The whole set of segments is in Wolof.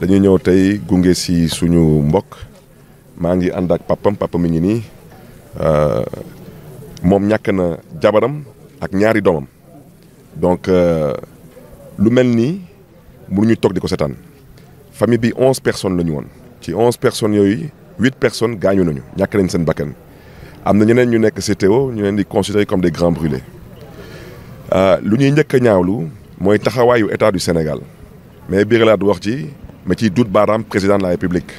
dañuy ñëw tey gunge si suñu mbokk maa ngi ànd ak papam papa mi ngi nii euh, moom ñàkk na jabaram ak ñaari doomam donc euh, lu mel nii mënuñu toog di ko setaan famille bi onze personnes la ñu woon ci onze personnes yooyu huit personnes gaañu nañu ñàkk nañ seen bakkan am na ñeneen ñu nekk CTO ñu leen di considérer comme des grands brûlés Euh, lu ñuy njëkk a ñaawlu mooy taxawaayu état du Sénégal mais biir laa du wax ci ma ciy dut baaraam président de la république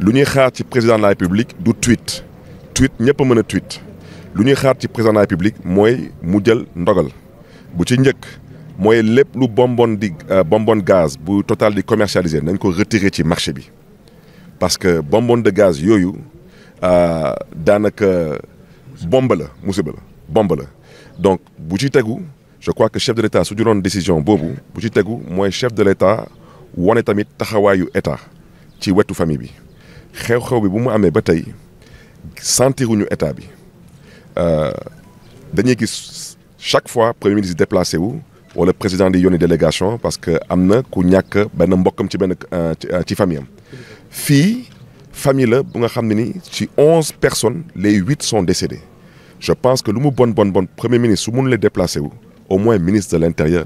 lu ñuy xaar ci président de la république du tweet tweet ñëpp mën a tweet lu ñuy xaar ci président de la république mooy mu jël ndogal bu ci njëkk mooy lépp lu bonbon di euh, bonbon gaz bu total di commercialisé nañ ko retirer ci marché bi parce que bonbon de gaz yooyu euh, daanaka bombe la musiba la. bombe la donc bu ci tegu je crois que chef de l'état su jëloon décision boobu bu ci tegu mooy chef de l'état wane tamit taxawaayu état ci wetu famille bi xew-xew bi bu mu amee ba tey sentiruñu état bi euh, dañuy gis chaque fois premier ministre déplacé wu wala président di yónni délégation parce que am na ku ñàkk benn mbokkam ci benn euh, ci famille am fii famille la bu nga xam ne ni ci onze personnes les huit sont décédés je pense que lu mu bon bon bon premier ministre su mënulee déplacé wu au moins ministre de l' intérieur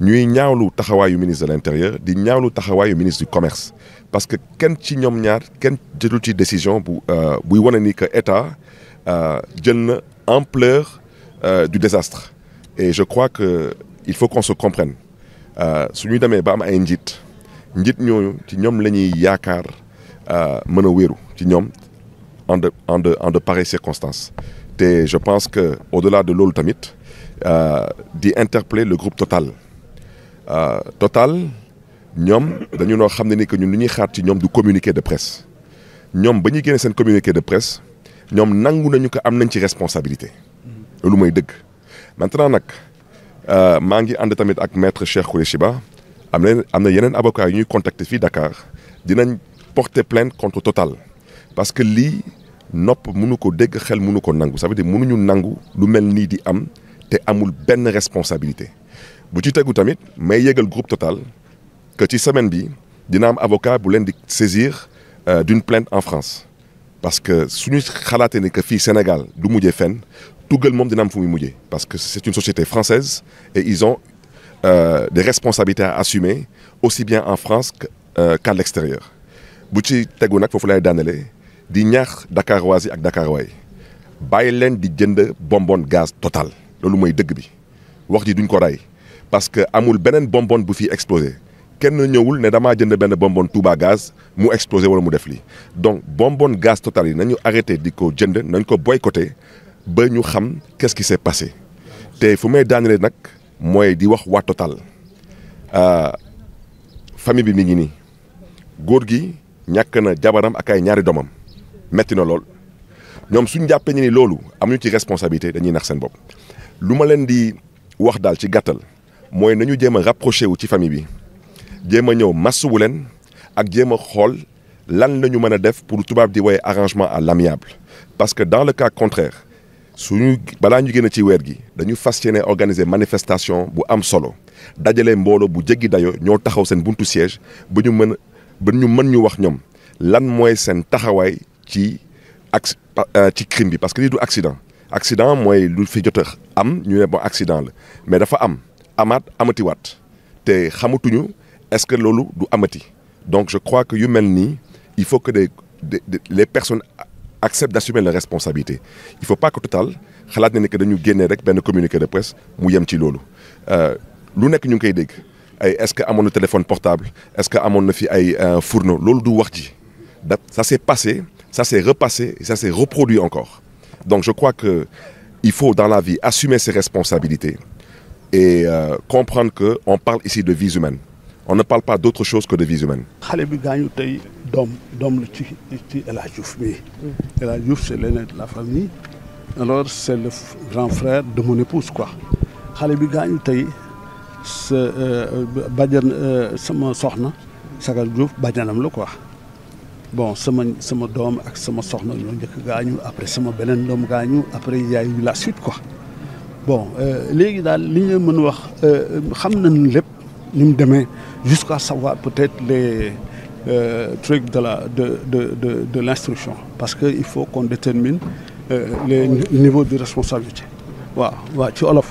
ñuy ñaawlu taxawaayu ministre de l' intérieur di ñaawlu taxawaayu ministre du commerce parce que kenn ci ñoom ñaar kenn jëlul ci décision bu euh, buy wane ni que état euh, jël na ampleur euh, du désastre et je crois que il faut qu'on se comprenne su ñuy demee ba am ay njiit njiit ñooñu ci ñoom la ñuy yaakaar mën a wéeru ci ñoom en de en de en de te je pense que au-delà de loolu tamit euh, di interpeller le groupe Total euh, Total ñoom dañu noo xam ne ni que ñun lu ñuy xaar ci ñoom du communiqué de presse ñoom ba ñuy génne seen communiqué de presse ñoom nangu nañu ko am nañ ci responsabilité loolu mooy dëgg maintenant nag euh, maa ngi ànd tamit ak maître Cheikh Khoureyssi Ba am na am na yeneen avocat yu ñuy contacter fii Dakar dinañ porter plainte contre Total parce que lii nopp mënu ko dégg xel mënu ko nangu ça veut dire mënuñu nangu lu mel nii di am te amul benn responsabilité bu ci tegu tamit may yëgal groupe Total que ci semaine bi dina am avocat bu leen di saisir euh, d'une plainte en France parce que suñu xalaatee ne que fii Sénégal du mujjee fen tugal moom dina am fu muy mujjee parce que c'est une société française et ils ont euh, des responsabilités à assumer aussi bien en France euh, qu'à l'extérieur bu ci tegu nag foofu lay daanelee di ñaax Dakarois yi ak Dakarois yi bàyyi leen di jënd bonbonne gaz total loolu mooy dëgg bi wax ji duñ ko rey parce que amul beneen bonbonne bu fi explosé kenn ñëwul ne damaa jënd benn bonbonne Touba gaz mu explosé wala mu def lii donc bombon gaz total yi nañu arrêté di ko jënd nañ ko boycotté ba ñu xam qu'est-ce qui s'est passé te fu may daanelee nag mooy di wax waa total euh, famille bi mi ngi nii góor gi ñàkk na jabaram ak ay ñaari doomam. metti na lool ñoom suñu jàppee ni loolu am ñu ci responsabilité dañuy nax seen bopp lu ma leen di wax daal ci gàttal mooy nañu jéem a rapproché wu ci famille bi jéem a ñëw bu leen ak jéem a xool lan la ñu mën a def pour tubaab di woye arrangement à l'amiable parce que dans le cas contraire suñu balaa ñu génn ci weer gi dañu fas yéene organiser manifestation bu am solo dajale mbooloo bu jéggi dayo ñoo taxaw seen buntu siège ba ñu mën ba ñu mën ñu wax ñoom lan mooy seen taxawaay ci acc euh, ci crime bi parce que lii du accident accident mooy lu fi jot a am ñu ne bon accident la mais dafa am amaat amatiwaat te xamatuñu est-ce que loolu du amati donc je crois que yu mel nii il faut que des les personnes acceptent d'assumer leurs responsabilités il faut pas que Total xalaat na ni que dañu génnee rek benn communiqué de presse mu yem ci loolu euh, lu nekk ñu ngi koy dégg ay est-ce que amoon na téléphone portable est-ce que amoon na fi ay euh, fourneau loolu du wax ji da ça s'est passé ça s'est repassé, et ça s'est reproduit encore. Donc je crois qu'il faut dans la vie assumer ses responsabilités et euh, comprendre qu'on parle ici de vies humaines. On ne parle pas d'autre chose que de vies humaines. xale bi gaañu tey doom doom la ci ci El Hadj Diouf mii. Mm. El Hadj Diouf c'est l'aîné de la famille. alors c'est le grand frère de mon épouse quoi xale bi gaañu tey sa euh, bàjjan euh, sama soxna Sagal Diouf bàjjanam la quoi. bon sama sama doom ak sama soxna ñoo njëkk gaañu après sama beneen doom gaañu après yaay yu la suite ko bon euh, léegi daal li ñu mën wax euh, xam nañ lépp ni mu demee jusqu'à savoir peut-être les euh, trucs de la de de de de l'instruction parce que il faut qu'on détermine niveau les ah niveaux de responsabilité waaw waaw ci olof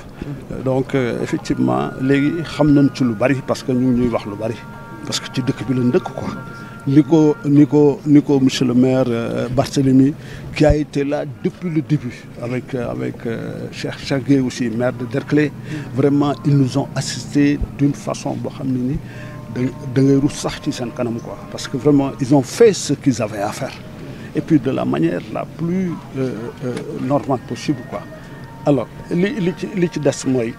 donc euh, effectivement léegi xam nañ ci lu bari parce que ñu ngi ñuy wax lu bari parce que ci dëkk bi lañ dëkk ko ni ko ni ni ko monsieur le maire euh, Barthélémy qui a été là depuis le début avec euh, avec euh, Cheikh Cheikh Gueye aussi maire de Derklé vraiment ils nous ont d'une façon boo xam ne ni da ngay rus sax ci seen kanam quoi parce que vraiment ils ont fait ce qu'ils avaient à et puis de la manière la plus euh, euh, normale possible quoi alors li li ci li ci des mooy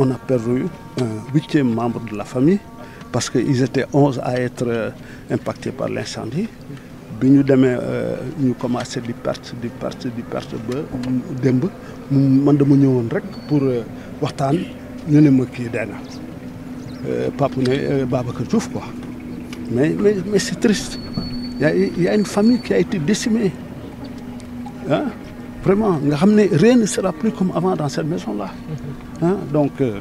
on a perdu un huitième membre de la famille parce qu'ils étaient onze à être euh, impactés par l'incendie bi ñu demee euh, ñu commencé di perte di perte di perte ba démb mu man dama woon rek pour euh, waxtaan ñu ne ma kii dee na Pape ne Babacar Diouf quoi mais mais mais c'est triste y a y a une famille qui a été décimée ah vraiment nga xam ne rien ne sera plus comme avant dans cette maison là mm-hmm. donc euh,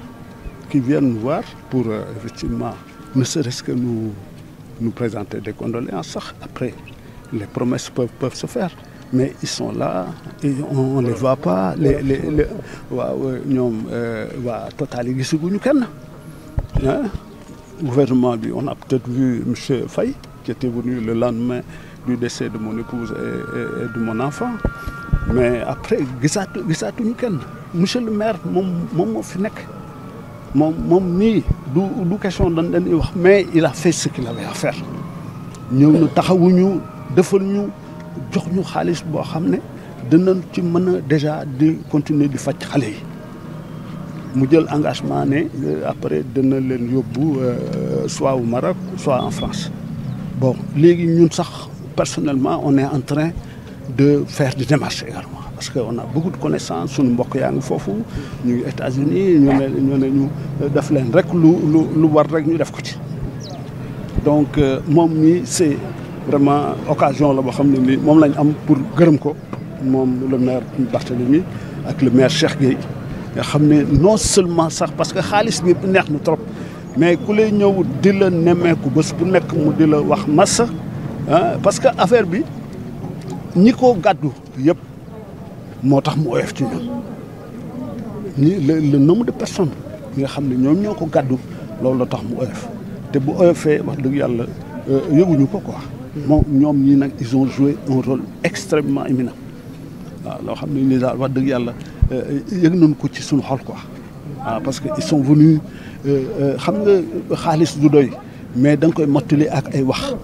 qui voir pour euh, ne serait-ce que nous nous présenter des condoléances sax après les promesses peuvent peuvent se faire mais ils sont là et on, on les voit pas les les les waaw euh, ñoom euh, waa Total yi gisaguñu kenn ah gouvernement bi on a peut-être vu monsieur Faye qui était venu le lendemain du décès de mon épouse et, et, et de mon enfant mais après gisaatu gisaatuñu kenn monsieur le maire moom moom moo fi nekk. moom moom mii du du question dañ leen di wax mais il a fait ce la avait à faire ñëw na taxawuñu defal ñu jox ñu xaalis boo xam ne dinañ ci mën a déjà di continuer di faj xale yi mu jël engagement ne euh, après dina leen yóbbu euh, soit au Maroc soit en France bon léegi ñun sax personnellement on est en train de faire des démarches également parce que on a beaucoup de connaissances suñu mbokk yaa ngi foofu ñu ngi États-Unis ñu ne ñu def leen rek lu lu lu war rek ñu def ko ci donc euh, moom mi c'est vraiment occasion la boo xam ne nii moom lañu am pour gërëm ko moom le maire Barthélémy ak le maire Cheikh Gueye nga xam ne non seulement sax parce que xaalis bi neex na trop mais ku lay ñëw di la nemmeeku bës bu nekk mu di la wax massa ah, parce que affaire bi ñi ko gàddu yëpp moo tax mu oyof ci ñoom ñi le nombre de personnes nga xam ne ñoom ñoo ko gàddu loolu la tax mu oyof te bu oyofee wax dëgg yàlla euh, yëguñu ko quoi. moom ñoom ñii nag ils ont joué un rôle extrêmement éminent waaw loo xam ne ni daal wax dëgg yàlla euh, yëg nañ ko ci suñu xol ko waaw parce que ils sont venus euh, xam nga xaalis du doy mais danga nga koy mottali ak ay wax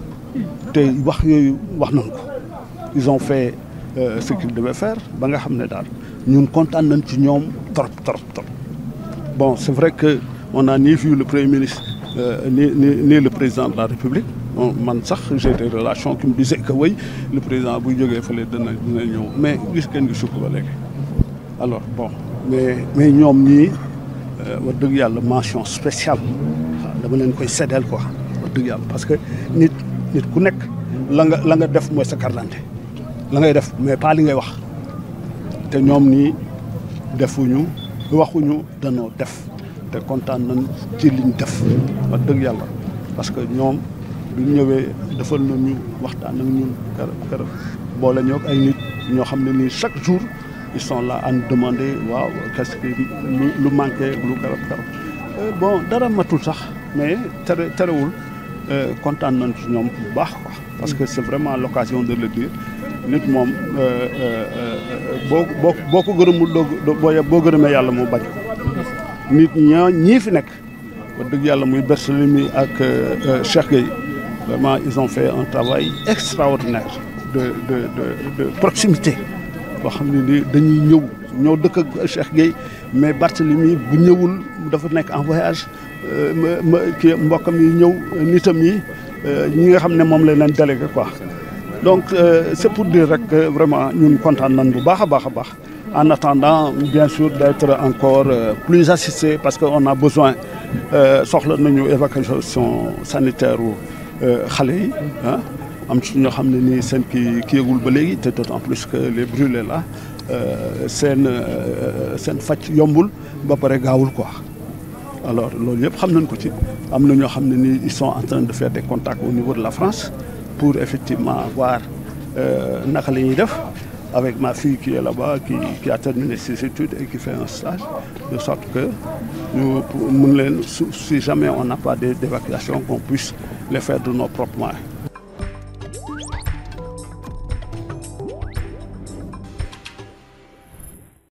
te wax yooyu wax nañ ko ils ont fait. Euh, ce qu'il devait faire ba nga xam ne daal ñun kontaan nañ ci ñoom trop trop trop bon c'est vrai que on naa ni vu le premier ministre euh, ni ni ni le président de la République man sax j'ai de relation qui me disaient que oui le président buy jógee fële dana dina ñëw mais gis kenn gisu ko ba léegi alors bon mais mais ñoom ñii euh, wax dëgg yàlla mention spéciale waaw dama leen koy séddal ko wax dëgg yàlla parce que nit nit ku nekk la nga la nga def mooy sa carte la ngay def mais pas li ngay wax te ñoom nii defuñu waxuñu danoo def te kontaan nañ ci liñ def wax dëgg yàlla parce que ñoom bu ñëwee defal nañu waxtaan ak ñun keroog boole ñoo ay nit ñoo xam ne nii chaque jour ils sont là à nous waaw qu'est-ce que lu lu manqué lu keroog euh, keroog dara matul sax mais tere terewul euh, kontaan nañ ci ñoom bu baax quoi. parce que c'est vraiment location de le dire. nit moom euh, euh, euh, boo boo boo ko gërëmul doo boo gërëmee yàlla mu bañ nit ñaa ñii fi nekk wax dëgg yàlla muy Barthélemy ak Cheikh Gueye vraiment ils ont fait un travail extraordinaire de de de proximité boo xam ne ni dañuy ñëw ñoo dëkk ak Cheikh Gueye mais Barthélemy bu ñëwul dafa nekk en voyage ma kii mbokkam yi ñëw nitam yi ñi nga xam ne moom la leen délégué quoi donc euh, c'est pour dire rek vraiment ñun kontaan nañ bu baax a baax a baax en attendant bien sûr d'être encore euh, plus assisté parce que on a besoin euh, soxla nañu évacuation sanitaire u xale yi am ci ñoo xam ne ni seen kii kii ba léegi te d'autant plus que les brûlés là seen seen faj yombul ba pare gaawul quoi alors loolu yëpp xam nañ ko ci am na ñoo xam ne ni ils sont en train de faire des contacts au niveau de la France pour effectivement voir euh, naka la ñuy def avec ma fille qui est là-bas qui qui a terminé ses études et qui fait un stage de sorte que ñu mun leen si jamais on n'a pas d'évacuation qu'on puisse les faire de nos propres moyens